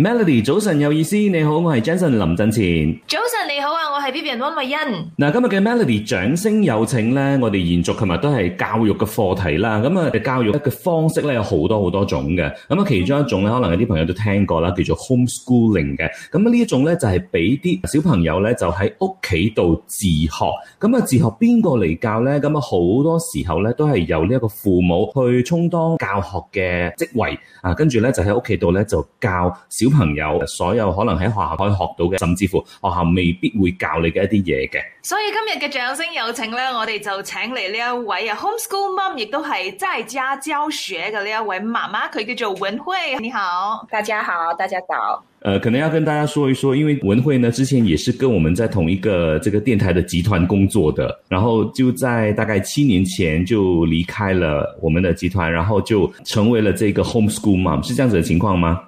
Melody，早晨有意思，你好，我係 Jensen 林振前。早晨你好啊，我係 Bian m 慧欣。嗱，今日嘅 Melody 掌聲有請咧，我哋延續琴日都係教育嘅課題啦。咁啊，教育嘅方式咧有好多好多種嘅。咁啊，其中一種咧，可能有啲朋友都聽過啦，叫做 homeschooling 嘅。咁啊，呢一種咧就係俾啲小朋友咧就喺屋企度自學。咁啊，自學邊個嚟教咧？咁啊，好多時候咧都係由呢一個父母去充當教學嘅職位啊。跟住咧就喺屋企度咧就教小。朋友，所有可能喺學校可以學到嘅，甚至乎學校未必會教你嘅一啲嘢嘅。所以今日嘅掌聲有請呢，我哋就請嚟呢一位啊，homeschool mom 亦都係在家教學嘅呢一位媽媽，佢叫做文慧。你好，大家好，大家早。誒、呃，可能要跟大家說一說，因為文慧呢之前也是跟我們在同一個這個電台的集團工作的，然後就在大概七年前就離開了我們的集團，然後就成為了這個 homeschool mom，是這樣子嘅情況嗎？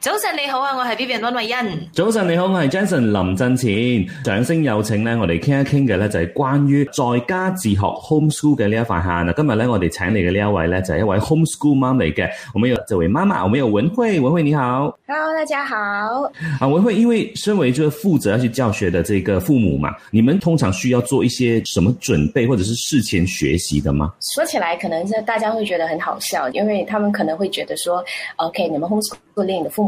早晨你好啊，我係 Vivian 溫慧欣。早晨你好，我係 Jason 林振前。掌聲有請呢，我哋傾一傾嘅呢，就係關於在家自學 homeschool 嘅呢一塊吓。那今日呢，我哋請嚟嘅呢一位呢，就係一位 homeschool 媽咪嘅。我們有這位媽媽，我們有文慧，文慧你好。Hello，大家好。啊，文慧，因為身為就負責去教學的這個父母嘛，你們通常需要做一些什麼準備，或者是事前學習的嗎？說起來，可能就大家會覺得很好笑，因為他們可能會覺得說，OK，你們 homeschool 令的，的父母。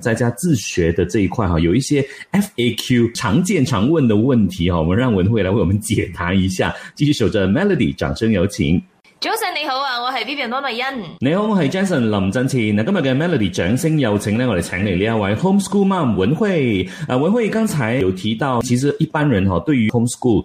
在家自學的這一塊哈，有一些 FAQ 常見常問的問題哈，我們讓文慧來為我們解答一下。繼續守着 Melody 掌聲有請。Jason，你好啊，我係 Vivian n o n n y 恩。你好，我係 Jason 林振前。那今日嘅 Melody 掌聲有請呢，我哋請嚟呢一位 Homeschool Mom 文慧。啊、呃，文慧剛才有提到，其實一般人哈，對於 Homeschool